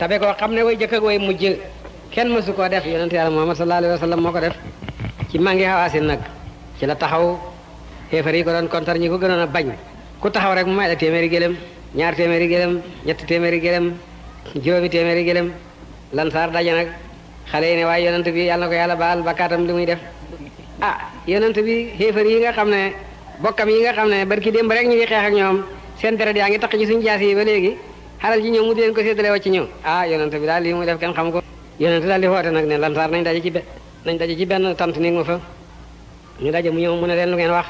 tabe ko xam ne way jëkk ak way mujj kenn mësu koo def yonent yàlla muhammad sallallahu alayhi wa sallam moo ko def ci mangi xawaasin nag ci la taxaw xeefar yi ko doon kontar ñi ko gënoon a bañ ku taxaw rek mu may la téeméeri gélém ñaar téeméeri gélém ñetti téeméeri gélém juróomi téeméeri gélém lan saar daje nag xale yi ne waaye yonent bi yàlla ko yàlla ba bakkaatam li muy def ah yonent bi xeefar yi nga xam ne bokkam yi nga xam ne barki démb rek ñu ngi xeex ak ñoom seen deret yaa ngi taq ci suñu jaas yi ba léegi xaral ci ñoom mu di leen ko séddale wàcc ñëw ah yonent bi daal lii muy def kenn xam ko yonent daal di woote nag ne lansaar nañ daje ci benn tant ni ma fa ñu daje mu ñëw mu ne leen lu ngeen wax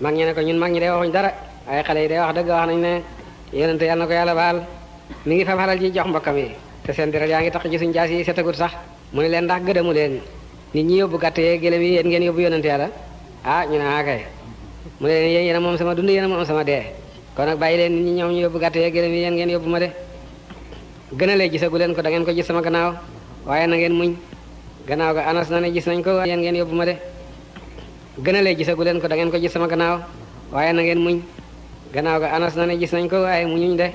mag ñi ko ñun mag ñi day waxuñ dara waaye xale yi day wax dëgg wax nañ ne yonent yàlla na ko yàlla baal mi ngi fam xaral ji jox mbokkam mi te seen deret yaa ngi tax ci suñ jaas yi setagut sax mu ne leen ndax mu leen nit ñi yóbbu gàtt yee gëlëm yi yéen ngeen yóbbu yonent yàlla ah ñu ne ah kay mu ne leen yéen moom sama dund yéen moom sama dee kon nag bàyyi leen nit ñi ñëw ñu yóbbu gàtt yee gëlëm yi yéen ngeen yóbbu ma de gën leen ko da ko gis sama gannaaw waaye na ngeen muñ gannaaw ga na ne gis nañ ko yéen ngeen yóbbu ma de gën a lee gisagu leen ko dangeen ko gis sama gannaaw waaye na ngeen muñ gannaaw ga anas na ne gis nañ ko waaye muñuñ de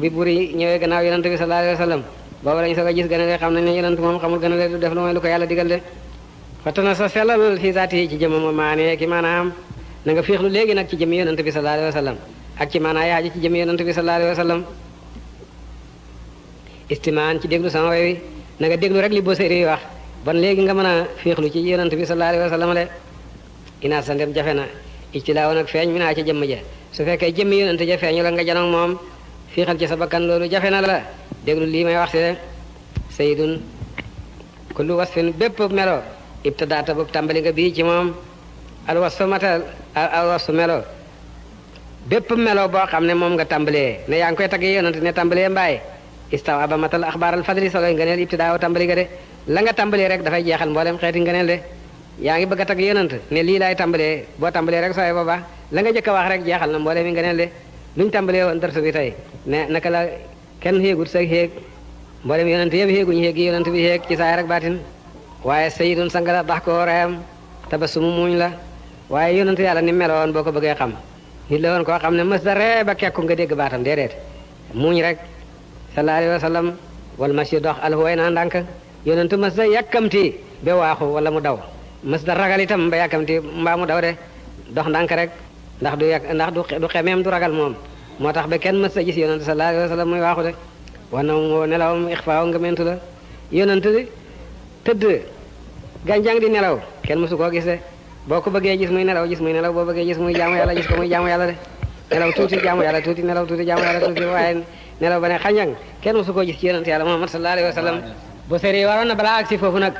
bi buri ñëwee gannaaw yonent bi sallallahu alayhi wa sallam boobu lañ soog a gis gën a lee xam na ne yonent moom xamul gën du def lu mooy lu ko yàlla digal de fatana sa sellalul xisaati yi ci jëmam maanee ki maanaam na nga féexlu léegi nag ci jëm yonent bi sallallahu alayhi wa sallam ak ci maanaa yaaji ci jëm yonent bi sallallahu alayhi wa ci déglu sama way wi na nga déglu rek li Busiri wax ban léegi nga mën a féexlu ci yonent bi sallallahu alayhi wa sallam le inaa sa ndem jafe na ijtilaaw nag feeñ mi naa ci jëmm ja su fekkee jëmmi yonent ja feeñu la nga janoog moom fiixal ci sa bakkan loolu jafe na la déglu lii may wax te lu kullu wasfin bépp melo ibtadaata bu tàmbali nga bii ci moom al wasfu matal al wasfu melo bépp melo boo xam ne moom nga tàmbalee ne yaa ngi koy taggee yonante ne tàmbalee mbaay istaw abamatal axbaaral fadli soloy ngëneel ibtidaaw tàmbali ga de la nga tàmbalee rek dafay jeexal mboolem xeeti ngëneel de yaa ngi bëgg a tagg yonant ne lii laay tàmbalee boo tàmbalee rek sooy ba la nga jëkk a wax rek jeexal na mboolem yi ngëneel de lu ñu tàmbalee woon dërtu bi tey ne naka la kenn xéegut sa xéeg mboolem yonant yëpp xéeguñu xéeg yi yonant bi xéeg ci saa rek baatin waaye sayidun sanga la bax ko rayam tabasumu muñ la waaye yonant yàlla ni meloon boo ko bëggee xam nit la woon koo xam ne mës da ree ba kekku nga dégg baatam déedéet muuñ rek sallallahu alayhi wa sallam wal masi dox alfu way naa ndànk yonentu mës da yàkkamti ba waaxu wala mu daw mës da ragal itam ba yàkkamti mbaa mu daw de dox ndànk rek ndax du yàq ndax du xemeem du ragal moom moo tax ba kenn mës da gis yonentu sallallahu alayhi wa sallam muy waaxu de wana woo nelawam ixfaaw nga mentu la yonentu tëdd gànjang di nelaw kenn mësu koo gis de boo ko bëggee jis muy nelaw gis muy nelaw boo bëggee gis muy jaamu yàlla gis ko muy jaamu yàlla de nelaw tuuti jaamu yàlla tuuti nelaw tuuti jaamu yàlla tuuti waaye nelaw ba ne xañang kenn musu koo gis ci yonent yàlla Muhammad sallallahu alayhi wa sallam bu sëri waroon na balaa agsi foofu nag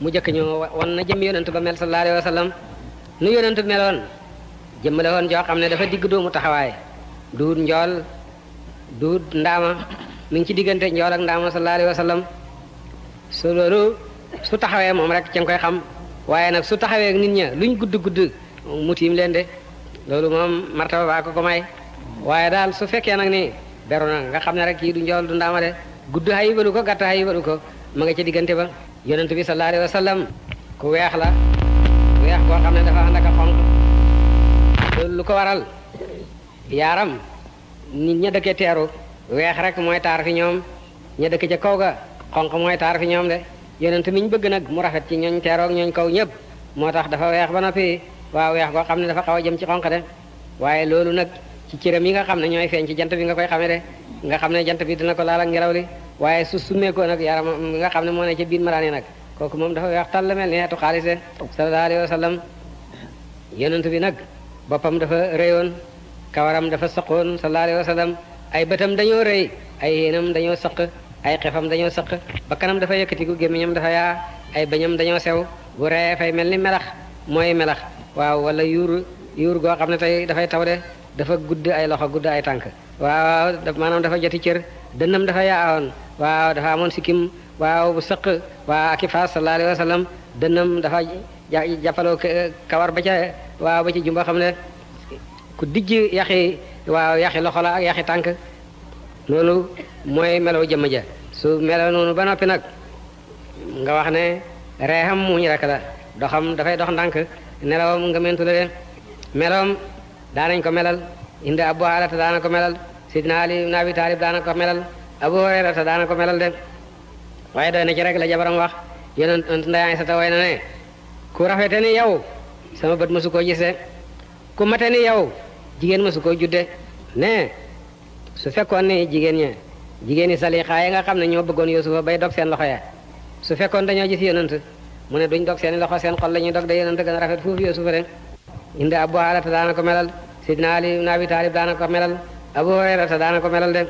mu jëkk ñu wan na jëm yonent ba mel sallallahu alayhi wa sallam nu yonent meloon jëmm la woon joo xam ne dafa digg mu taxawaay duut njool duut ndaama mi ngi ci diggante njool ak ndaama sallallahu alayhi wa sallam su loolu su taxawee moom rek ci koy xam waaye nag su taxawee nit ña luñ gudd gudd mu tiim leen de loolu moom martaba baa ko ko may waaye daal su fekkee nag ni beru na nga xam ne rek kii du njool du ndaama de gudd xayibalu ko gàtt xayibalu ko ma nga ca diggante ba yonent bi sallallahu alayhi wa sallam ku weex la weex koo xam ne dafa ànd a xonq loolu lu ko waral yaaram nit ña teeru weex rek mooy taar fi ñoom ña dëkk ca kaw ga xonq mooy taar fi ñoom de yonent mi ñu bëgg nag mu rafet ci ñooñ teeroog ñooñ kaw ñëpp moo tax dafa weex ba noppi waaw weex goo xam ne dafa xaw a jëm ci xonq de waaye loolu nag ci cëram yi nga xam ne ñooy feeñ ci jant bi nga koy xamee de nga xam ne jant bi dina ko laal ak ngelaw li waaye su summeekoo nag yaram nga xam ne moo ne ca biir maraan yi nag kooku moom dafa weex tàll mel ni xeetu xaalis de sallallahu alayhi wa sallam bi nag boppam dafa rëyoon kawaram dafa sëqoon sallallahu alayhi wa sallam ay bëtam dañoo rëy ay dañoo saq ay xefam dañoo sëq ba kanam dafa gu gémmiñam dafa yaa ay bañam dañoo sew bu ree fay mel ni melax mooy melax waaw wala yuur yuur goo xam ne tey dafay taw de dafa gudd ay loxo gudd ay tànk waaw maanaam dafa joti cër dënnam dafa yaawoon waaw dafa amoon sikkim waaw bu sëq waaw ak i faas sallallahu alayhi wa dënnam dafa jàppaloo kawar ba ca waaw ba ci jumba xam ne ku dijj yaxi waaw yaxi loxo la ak yaxi tànk loolu mooy melaw jëmm ja su meloo noonu ba noppi nag nga wax ne reexam muuñ rek la doxam dafay dox ndànk nelawam nga mentu la leen meloom daanañ ko melal indi Abu Hurayrata daana ko melal Sidna Ali ibn Abi Talib daana ko melal Abu Hurayrata daana ko melal de waaye doy ci rek la jabaram wax yonent ndeyaan sa ta na ne ku rafete ni sama bët mësu koo gise ku mate ni yow jigéen mësu koo judde ne su fekkoon ni jigéen ñe jigéeni salixaa yi nga xam ne ñoo bëggoon yusufa bay dog seen loxo ya su fekkoon dañoo gis yonant mu ne duñ dog seen loxo seen xol la ñuy dog da yonant gën a rafet fuufu yusufa de inde abu haalata daana ko melal sidna ali ibn abi taalib daana ko melal abu hurayrata daana ko melal de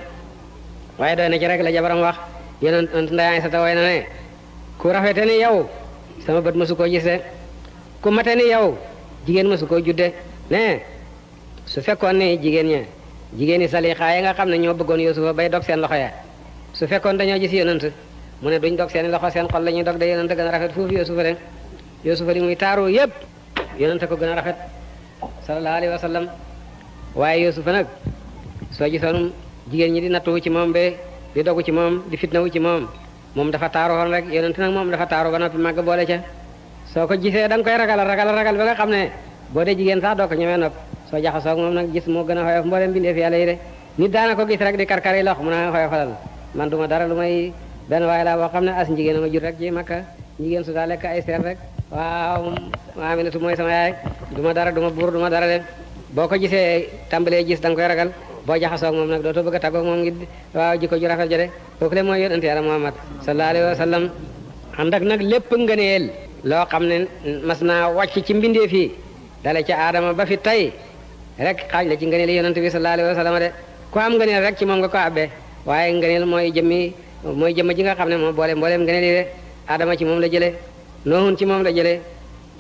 waaye doy na ci rek la jabaram wax yonant ndayaay sa ta way na ne ku rafete ni yow sama bët mësu koo gis de ku mate ni yow jigéen mësu koo judde ne su fekkoon ni jigéen ña jigéen jigéeni salixaa yi nga xam ne ñoo bëggoon yusufa bay dog seen loxo ya su fekkoon dañoo gis yonant mu ne duñ dog seen loxo seen xol la ñuy dog de yonant gën a rafet foofu yusufa de yusufa li muy taaroo yépp yonant ko gën a rafet sallallahu alayhi wa sallam waaye yusufa nag soo gisoon jigéen ñi di nattuwu ci moom be di dogu ci moom di fitnawu ci moom moom dafa taaru woon rek yonent nag moom dafa taaru ba noppi màgg boole ca soo ko gisee da koy ragal ragal ragal ba nga xam ne boo dee jigéen sax doo ko ñemee nopp soo jaxasoo moom nag gis moo gën a xoyof mboolem mbindeef yàlla yi de nit daana ko rek di karkar yi lox mu a xoyofalal man du ma dara lu benn waaye laa boo xam ne as njigéen a ma jur rek ci makka njigéen su daa lekk ay seer rek waaw Aminatu mooy sama yaay du ma dara du ma buur duma dara de boo ko gisee tambalee gis da koy ragal boo jaxasoo moom nag dootoo bëgg a tàggoo moom ngi waaw jikko ju rafet ja de kooku le mooy yonent yàlla Muhammad sallallahu alayhi wa sallam ànd ak nag lépp ngëneel loo xam ne mas naa wàcc ci mbindeef yi dale ca aadama ba fi tey rek xaaj la ci ngëneel yonent bi sallallahu alayhi wa sallam de ku am ngëneel rek ci moom nga ko abbee waaye ngëneel mooy jëmmi mooy jëmm ji nga xam ne moom boole mbooleem ngëneel yi de Adama ci moom la jëlee Noohun ci moom la jëlee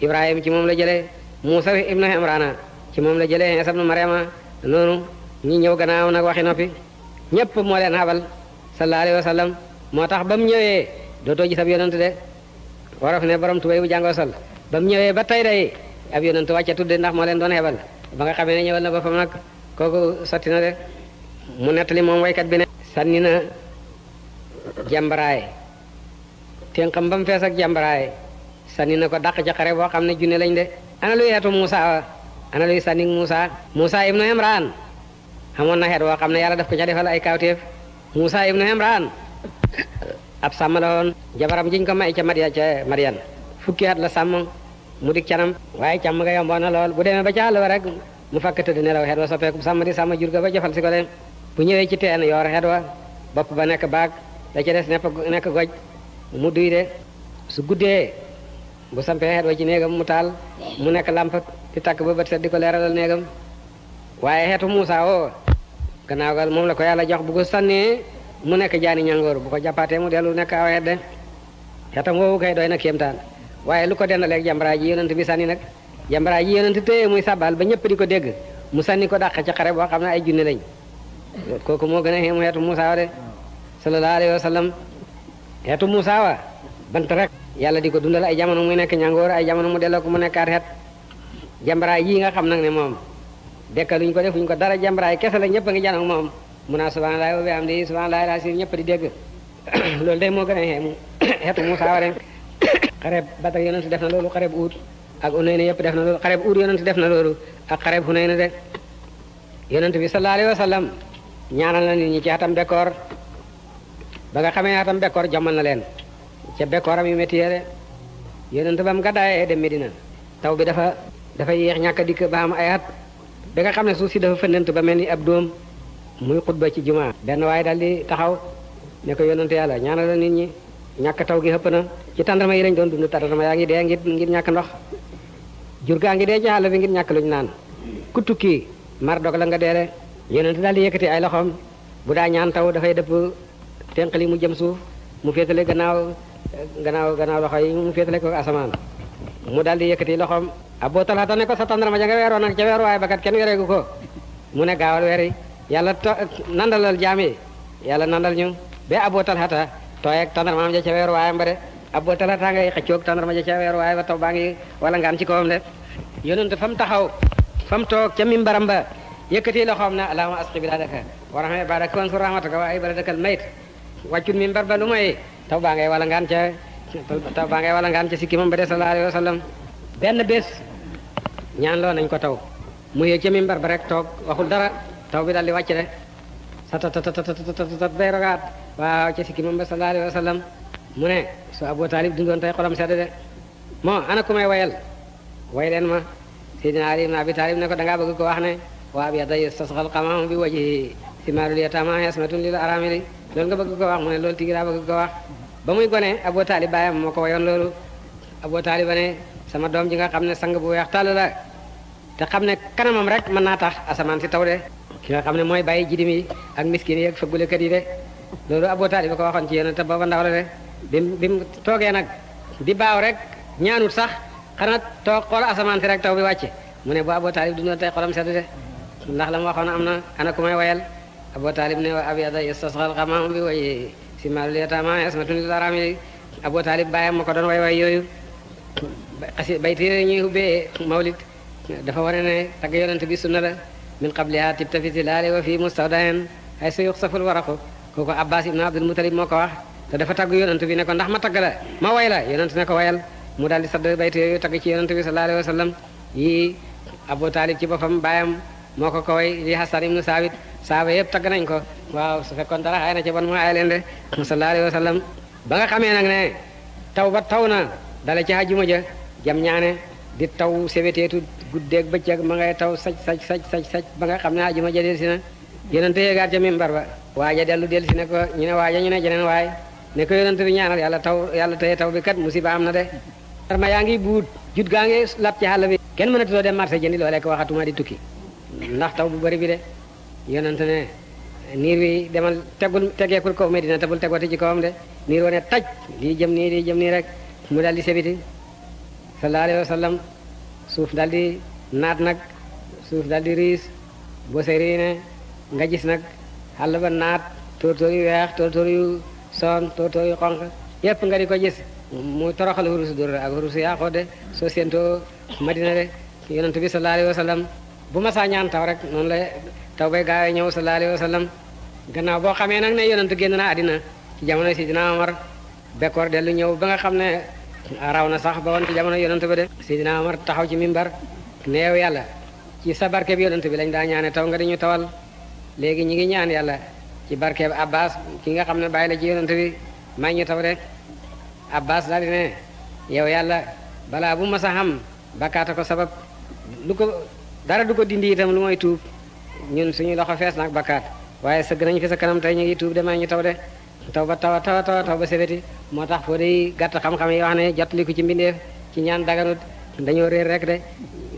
Ibrahima ci moom la jëlee Muusa ibnu Imrana ci moom la jëlee Isa ibnu Maryama noonu ñi ñëw gannaaw nag waxi noppi ñépp moo leen xabal sallallahu alayhi wa moo tax ba mu ñëwee dootoo gis ab yonent de warof ne borom tubéy bu jàngoo sol ba mu ñëwee ba tey day ab yonent wàcce tudde ndax moo leen doon xebal ba nga xamee ne ñëwal na boppam nag kooku sotti na de mu nettali moom waykat bi ne sànni na jàmbaraaye ténqam ba mu fees ak jàmbaraaye sànni na ko daq ci xare boo xam ne junne lañ de ana luy xeetu Muusa ana luy sànni Muusa Muusa ibnu Imraan amoon na xeet boo xam ne yàlla def ko ca defal ay kawteef Muusa ibnu Imraan ab sàmm la woon jabaram jiñ ko may ca Madiyan ca Madiyan fukki at la sàmm mu dik canam waaye càmm nga yomboon na lool bu demee ba ca àll ba rek mu fakk tëdd nelaw xet wa soppeeku sàmm di sàmm jur ga ba jëfal si ko de bu ñëwee ci teen yoor xet bopp ba nekk baag da ca des nepp nekk goj mu duy de guddee bu sampee xet ci néegam mu taal mu nekk làmp di takk ba bët set di ko leeralal néegam waaye xeetu Muusa oo gannaaw gal moom la ko yàlla jox bu ko sànnee mu nekk jaani ñangoor bu ko jàppaatee mu dellu nekk aw xet de xetam woowu kay na kéemtaan waaye lu ko dendaleeg jambaraa ji yonent bi sani nag jambaraa ji yonent téye muy sabal ba ñëpp di ko dégg mu sànni ko dàq ci xare boo xam ne ay junne lañ kooku moo gën a xeemu xeetu Moussa wa de sallallahu alayhi wa sallam xeetu Moussa rek yàlla di ko dundal ay jamono muy nekk ñangoor ay jamono mu delloo ko mu nekkaat xeet jambaraa yi nga xam nag ne moom dekkaluñ ko defuñ ko dara jambaraay kese la ñëpp ngi janoog moom mun naa subhanallahi wa bihamdihi subhanallahi al ñëpp di dégg loolu day moo a xeemu xareb Badar yonent def na loolu xareb uut ak Hunayn yëpp def na loolu xareb uut yonent def na loolu ak xareb Hunayn de yonent bi sallallahu alayhi wa sallam ñaanal na nit ñi ci atam bekkoor ba nga xamee atam bekkoor na leen ca bekkooram yu métti de yonent ba mu gàddaayee dem Medina taw bi dafa dafa yéex ñàkk dikk ba am ay at ba nga xam ne suuf si dafa fëndant ba mel ni ab doom muy xutba ci jumaa benn waaye daal di taxaw ne ko yonent yàlla ñaanal la nit ñi ñàkk taw gi xëpp na ci tàndarma yi lañ doon dund tàndarma yaa ngi dee ngir ngir ñàkk ndox jur gaa ngi dee ci àll bi ngir ñàkk luñ naan ku tukki mar dog la nga deele yonent daal di yëkkati ay loxoom bu daa ñaan taw dafay dëpp tenqali mu jëm suuf mu féetale gannaaw gannaaw gannaaw loxo yi mu féetale ko asamaan mu daal di yëkkati loxoom Abu Talha ne ko sa tàndarma ja nga weeroon nag ca weer waaye bakat kenn wereegu ko mu ne gaawal weer yi yàlla nandalal jaam yi yàlla nandal ñu ba Abu Talha tooy ak tàndarmaam ja ca weeru waayam ba de ab ba talaata ngay xëccoog tàndarma ja ca weeru waay ba taw baa ngi wala ngaan ci kawam de yonent fa mu taxaw fa toog ca mimbaram ba yëkkati loxoom na allahumma asqi biladaka warham ibadaka wansur rahmataka wa ibadakal mayit wàccut mimbar ba lu mooy taw baa ngay wala ngaan ca taw baa ngay wala ngaan ca sikki moom ba de sallallahu alayhi wa sallam benn bés ñaan loo nañ ko taw mu yëg ca mimbar rek toog waxul dara taw bi daal di wàcc de sa ta ta ta ta waaw ci sikki moom ba sallallahu alayhi wa sallam mu ne su Abu Taalib dundoon tey xolam sedd de moo ana ku may wayal way leen ma Seydina Ali ibn Abi Taalib ne ko da ngaa bëgg ko wax ne waa bi yaday sasxal xamaam bi wajihi simaarul yatama yasmatun lil aramili loolu nga bëgg ko wax mu ne loolu tigi laa bëgg ko wax ba muy gone Abu Taalib baayam moo ko wayoon loolu Abu Taalib ne sama doom ji nga xam ne sang bu weex tàll la te xam ne kanamam rek mën naa tax asamaan si taw de ki nga xam mooy bàyyi jidim ak miskin yi ak yi loolu Abu Taalib ko waxoon ci te booba ndaw la de bi mu toogee nag bi baaw rek ñaanut sax xanaa toog xool asamaan si rek taw bi wàcce mu ne bu Abu Taalib dundoon tey xolam sedd de ndax la waxoon am na ana ku may wayal Abu Taalib ne wa abyada yastasxal xamaam bi way si maalul yataama yasmatun lil araami Abu Taalib bàyyam ma ko doon way way yooyu xasi bayti yooyu ñuy ubbee mawlid dafa wane ne tagg yonente bi sunna la min qabliha tibta fi zilaali wa fi mustawdayen ay sa yuxsaful waraqu kooku abbas ibnu abdul mutalib moo ko wax te dafa tagg yonent bi ne ko ndax ma tagg la ma way la yonent ne ko wayal mu daal di sadd bayte yooyu tagg ci yonent bi sallallahu alayhi wa sallam yi abu taalib ci boppam baayam moo ko ko way li hasan ibnu saabit saaba yëpp tagg nañ ko waaw su fekkoon dara xay na ci bon mu ay leen de sallallahu alayhi ba nga xamee nag ne taw ba taw na dale ci hajjuma ja jam ñaane di taw sebéteetu guddeeg bëccëg ma ngay taw saj saj saj saj saj ba nga xam ne hajjuma ja dee si na yonent yéegaat ca mimbar ba waaja dellu dellu si ne ko ñu ne waaja ñu ne jeneen waay ne ko yonent bi ñaanal yàlla taw yàlla tey taw bi kat musiba am na de arma yaa ngi buut jut gaa ngi lap ci xàll bi kenn de dem marché jëndi loo lekk waxatuma di tukki ndax taw bu bëri bi de yonent ne niir wi demal tegul tegeekul kaw na tabul tegwati ci kawam de niir wane taj lii jëm nii lii jëm nii rek mu daal di sebiti sallallahu alayhi wa sallam suuf daal di naat nag suuf daal di riis bose riine nga gis nag xàll ba naat tóortóor yu weex tóortóor yu son tóortóor yu xonq yépp nga di ko gis mu toroxal hurusu dur ak hurusu yaaxoo de soo séentoo madina de yonent bi sallallahu alayhi wa bu ma saa ñaan taw rek noonu la taw bay gaawee ñëw sallallahu alayhi wa sallam gannaaw boo xamee nag ne yonent génn na àddina ci jamono Sidina Omar bekkoor dellu ñëw ba nga xam ne raw na sax ba woon ci jamono yonent ba de Sidina Omar taxaw ci mimbar neew yàlla ci sa barke bi bi lañ daa ñaane taw nga di ñu tawal léegi ñi ngi ñaan yàlla ci barkeeb abbas kii nga xam ne bàyyi la ci yonent bi may ñu taw rek abbas daal di ne yow yàlla balaa bu masa a xam bakkaata ko sabab lu ko dara du ko dindi itam lu mooy tuub ñun suñu loxo fees nag bakkaat waaye sëgg nañ fi sa kanam tey ñu ngi tuub de may ñu taw de taw ba taw taw taw taw ba sebeti moo tax foo day gàtt xam-xam yi wax ne jottaliku ci mbindeef ci ñaan daganut dañoo réer rek de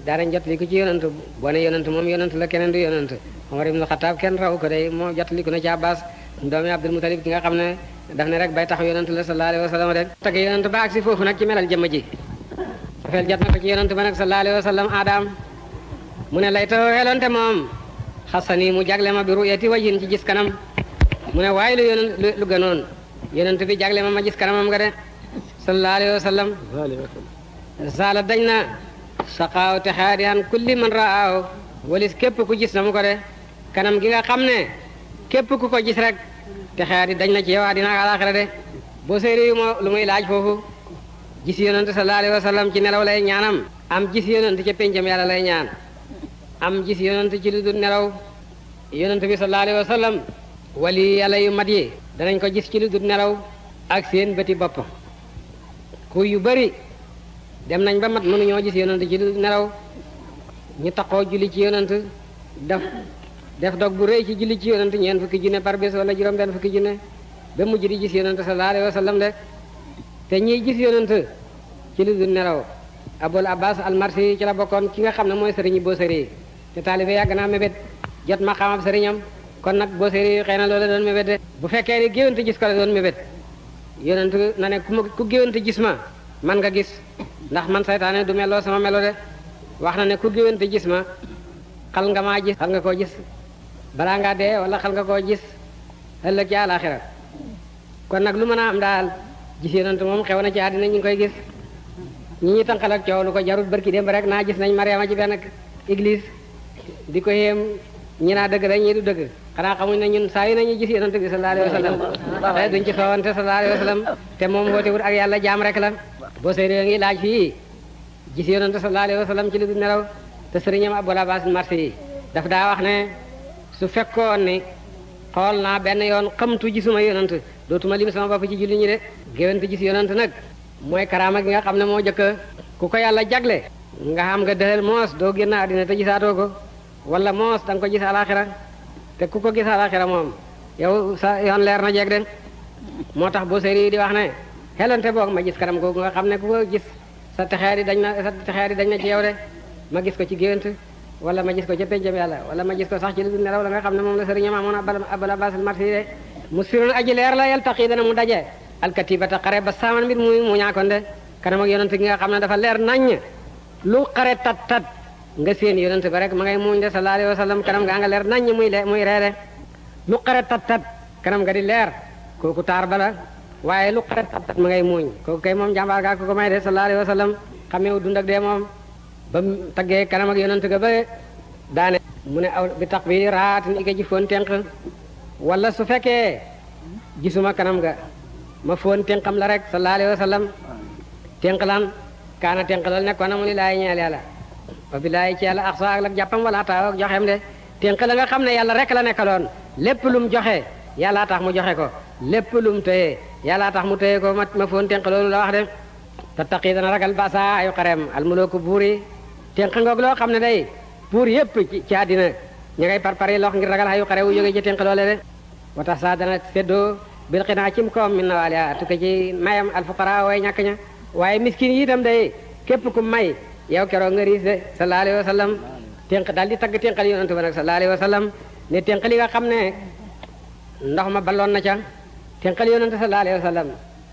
daanañ jottaliku ci yonent boo ne yonent moom yonent la keneen du yonent Umar ibnu Xataab kenn raw day moo jottali ko na ci Abbas doomi Abdul Mutalib ki nga xam ne daf ne rek bay tax yonent la sallallahu alayhi wa ba ak si foofu nag ci melal jëmm ji feel jot na ko ci yonent ba nag sallallahu alayhi wa sallam adam mu ne lay taxoo xelonte moom xasani mu jagle ma bi ruyati wajin ci gis kanam mu ne waay lu yonent lu gënoon yonent bi jagle ma ma gis kanamam nga de sallallahu alayhi wa sallam saala dañ na saqaaw te xaadi han kulli man raaw walis képp ku gis na mu ko de kanam gi nga xam ne képp ku ko gis rek te xeyaati dañ na ci dina àddina ak àllaaxira de boo séeréer yu ma lu muy laaj foofu gis yonent sallallahu alayhi wa sallam ci nelaw lay ñaanam am jis yonent ca péncam lay ñaan am gis yonent ci lu dul nelaw yonent bi sallallahu alayhi wa sallam wali yàlla yu mat yi danañ ko jis ci lu dul nelaw ak seen bëti bopp ku yu bari dem nañ ba mat mënuñoo gis yonent ci lu dul nelaw ñu taxoo julli ci yonent daf def dog bu rëy ci julli ci yonent ñeen fukki junne par bés wala juróom benn fukki junne ba mujj di gis yonent sallallahu alayhi wa sallam de te ñiy gis yonent ci lu dul nelaw abul abbas almarsi ci la bokkoon ki nga xam ne mooy sëriñi Booseri te taalibe yàgg naa mébét jot ma xamam sëriñam kon nag Booseri xëy na loola doon mébét de bu fekkee ni géwante gis ko la doon mébét yonent na ne ku ma ku géwante gis ma man nga gis ndax man saytaane du meloo sa melo wax na ne ku géwante gis ma xal nga maa gis xal nga koo gis balaa ngaa dee wala xal nga koo gis ëllëg ci àlaxira kon nag lu mën a am daal gis yonent moom xew na ci àddina ñu koy gis ñi ñuy tànqal ak coow lu ko jarut barki démb rek naa gis nañ Mariama ci benn église di ko yéem ñi naa dëgg rek ñii du dëgg xanaa xamuñ na ñun saa yu nañu gis yonent bi sallallahu alayhi te duñ ci soowante sallallahu alayhi wa sallam te moom wootewut ak yàlla jaam rek la boo sey réew ngi laaj fii gis yonent sallallahu alayhi wa sallam ci lu du nelaw te sëriñam Abul yi su fekkoon ne xool naa benn yoon xamtu gisuma yonant dootuma lim sama bopp ci julli ñi de géwénte gis yonant nag mooy karaama gi nga xam ne moo jëkk ku ko yàlla jagle nga xam nga dëxal moos doo génn àddina te gisaatoo ko wala moos da ko gis alaxira te ku ko gis alaxira moom yow sa yoon leer na jeeg de moo tax boo yi di wax ne xelante boog ma gis kanam googu nga xam ne ku ko gis sa texee di dañ na sa texee dañ na ci yow de ma gis ko ci géwént wala ma gis ko ca pénjam yàlla wala ma gis sax ci lu dul nelaw la nga xam ne moom la sëriñam amoon abal abbas al marsi mu sirul aji leer la yaltaqi dana mu daje alkatibata xare ba saaman mbir muy mu ñaakoon de kanam ak yonent gi nga xam ne dafa leer naññ lu xare tat tat nga seen yonent ba rek ma ngay muuñ de sallallahu alayhi wa sallam kanam nga nga leer naññ muy le muy reede lu xare tat tat kanam nga di leer kooku taar bala la waaye lu xare tat tat ma ngay muuñ kooku kay moom jàmbaar gaa ko ko may de sallallahu alayhi wa sallam xameewu dund ba mu taggee kanam ak yonent ga ba daane mu ne aw bi tax bi raatin i ka ji foon tenq wala su fekkee gisuma kanam ga ma foon tenqam la rek sallallahu alayhi wa sallam tenq lan kaana tenq lal nekkoon amul laay ñeel yàlla ba bi ci yàlla ak sa ak lak jàppam wala taaw ak joxeem de tenq la nga xam ne yàlla rek la nekkaloon lépp lu mu joxe yàllaa tax mu joxe ko lépp lu mu téye tax mu téye ko ma ma foon loolu la wax de te taqi dana ragal basa ayu tenq ngoog loo xam ne day buur yépp ci àddina ña ngay parpare lox ngir ragal xayu xare wu jóge ci tenq loole de wa tax saa dana séddoo bil xinaa cim koom min na waaliya tukke ci mayam alfuqara way ñàkk ña waaye miskin yi itam day képp ku may yow keroog nga riis de sallallahu alayhi wa sallam daal di tagg tenqal yonentu ba nag sallallahu alayhi wa sallam ne tenq li nga xam ne ndox ma balloon na ca tenqal yonentu sallallahu alayhi wa sallam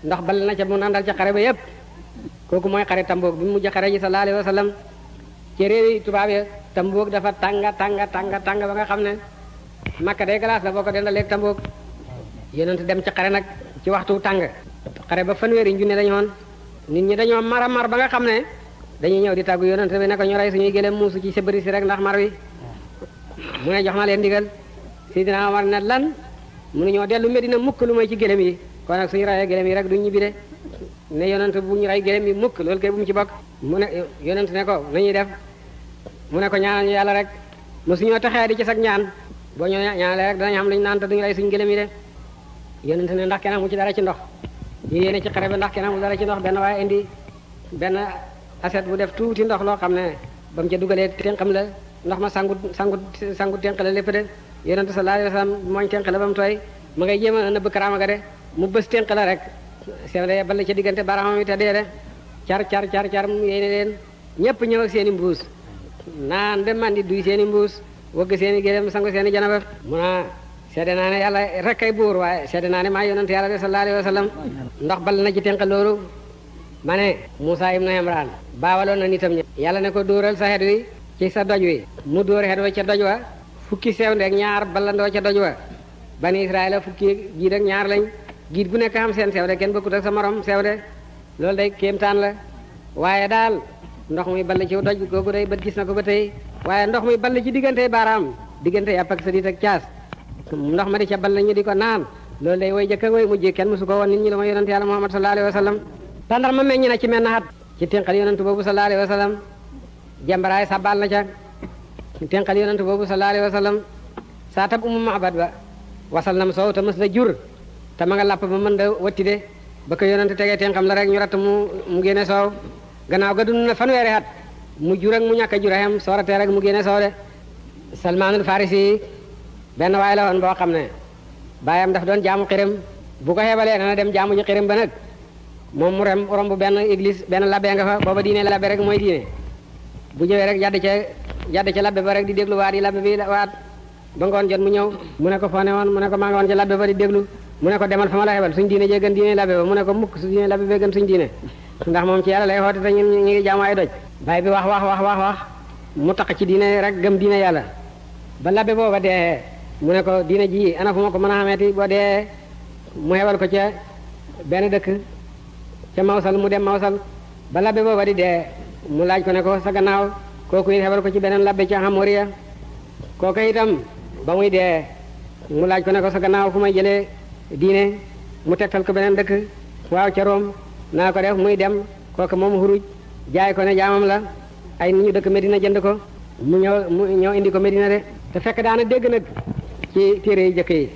ndox ball na ca mu nandal ca xare ba yépp kooku mooy xare tamboog bi mu mujj xare ji sallallahu alayhi wa sallam ci réew yi tubaab ya tamboog dafa tànga tànga tànga tàng ba nga xam ne makka day glace la boo ko dendalee tamboog yonent dem ci xare nag ci waxtu tàng xare ba fanweeri junne dañu woon nit ñi dañoo mar a mar ba nga xam ne dañuy ñëw di tàggu yonent bi ne ko ñu rey suñuy gëlëm muusu ci sabëri si rek ndax mar wi mu ne jox na leen digal Sidina Omar na lan mu mënuñoo dellu Medina mukk lu moy ci gëlëm yi kon nag suñu rayee gëlëm yi rek duñ ñibbi de ne yonent bu ñu rey gëlëm yi mukk loolu kay bu mu ci bokk mu ne yonent ne ko nañuy def mu ne ko ñaanal ñu yàlla rek mosuñoo taxee di ci sag ñaan boo ñu ñaanalee rek danañ xam lu ñu naan te duñu rey suñu gëlëm yi de yonente ne ndax kenn amu ci dara ci ndox ñu yéene ci xare bi ndax kenn amu dara ci ndox benn waaye indi benn aset bu def tuuti ndox loo xam ne ba mu ca dugalee ténqam la ndox ma sangu sangu sangu ténq la lépp de yonente sa alayhi wasallam mooñ ténq la ba mu tooy ma ngay jéem a nëbb karaama ga de mu bës ténq la rek sew de bal la ca diggante baraamam yi te dee de car car car car mu yéene leen ñëpp ñëw ak seen i mbuus naan be mandi duy seeni mbuus wëgg seeni gélém sangu seeni janaba mu naa seede naa ne yàlla rek ay buur waaye seede naa ne maa yonent yàlla bi sallallahu alayhi wa sallam ndox bal na ci tenq loolu ma ne Moussa ibnu Imran baawaloon na nitam ña yàlla ne ko dóoral sa xet wi ci sa doj wi mu dóor xet wa ca doj wa fukki sew ndek ñaar ballandoo ca doj wa bani Israayila fukki giid ak ñaar lañ giid gu nekk xam seen sew de kenn bokkut ak sa morom sew de loolu day kéemtaan la waaye daal ndox muy ball ci doj googu day bët gis na ko ba tey waaye ndox muy ball ci diggante baaraam diggante yàpp ak sëriñ ak caas ndox ma di ca ball ñu di ko naan loolu day way jëkk ak way mujj kenn musu ko woon nit ñi la mooy yonent yàlla Muhammad sallallahu alayhi wa sallam tàndar ma meññ na ci menn xat ci tenqal yonentu boobu sallallahu alayhi wa sallam sa sabal na ca tenqal yonentu boobu sa alayhi wa sallam saa tab umu mahbat ba wasal nam soow te mës la jur te ma nga làpp ba mën da watti de ba ko yonentu tegee tenqam rek ñu ratt mu mu génne soow gannaaw ga dund na fanweeri at mu jur ak mu ñàkk a jur ayam sooratee rek mu génne soo de salmaanul farisi benn waaye la woon boo xam ne baayam daf doon jaamu xirim bu ko xeebalee na dem jaamu ji xirim ba nag moom mu rem romb benn église benn labbe nga fa booba diine labbe rek mooy diine bu ñëwee rek jadd ca jadd ca labbe ba rek di déglu waat yi labbe bi waat ba ngoon jot mu ñëw mu ne ko foo woon mu ne maa nga woon ca ba di déglu la xebal suñ diine jee gën diine labbe ndax moom ci yàlla lay xoote te ñun ñu ngi jaamu ay doj baay bi wax wax wax wax wax mu taq ci diine rek gëm diine yàlla ba labbe booba dee mu ne ko diine ji ana fu ma ko mën a xameeti boo dee mu xewal ko ca benn dëkk ca mawsal mu dem mawsal ba labbe booba di dee mu laaj ko ne ko sa gannaaw kooku it xewal ko ci beneen labbe ca xamoriya kooku itam ba muy dee mu laaj ko ne ko sa gannaaw fu may jëlee diine mu tegtal ko beneen dëkk waaw ca Room naa ko def muy dem kooku moom xuruj jaay ko ne jaamam la ay ni ñu dëkk Medina jënd ko mu ñëw mu ñëw indi ko Medina de te fekk daana dégg nag ci téere yi jëkk yi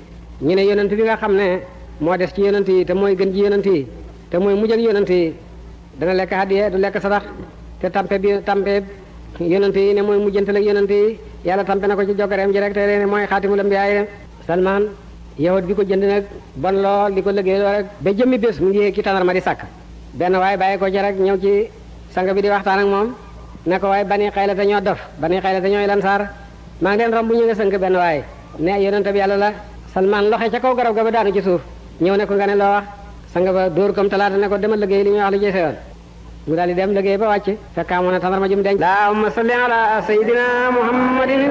ñu ne yonent bi nga xam ne moo des ci yonent yi te mooy gën ji yonent yi te mooy mujj ak yonent yi dana lekk hadiya du lekk sadax te tampe bi tampe yonent yi ne mooy mujjantal ak yonent yi yàlla tampe na ko ci jokkareem ji rek te ne mooy xaatimul ambiyaay Salman yahut bi ko jënd nag bon lool di ko liggéey lool rek ba jëmmi bés mu ngi ci ma di sàkk benn waaye bàyyi ko ci rek ñëw ci sang bi di waxtaan ak moom ne ko waaye bani xayla te ñoo dof bani xayla te ñooy lansaar maa ngi leen romb ñu nga sënk benn waaye ne yonent bi yàlla la salmaan loxe ca kaw garab ga ba daanu ci suuf ñëw ne ko nga ne loo wax sang ba dóor comme talaata ne ko demal liggéey li ñuy wax lu jësewoon mu daal di dem liggéey ba wàcc fekk amoon na tamar ma jum denc allahumma salli ala sayyidina muhammadin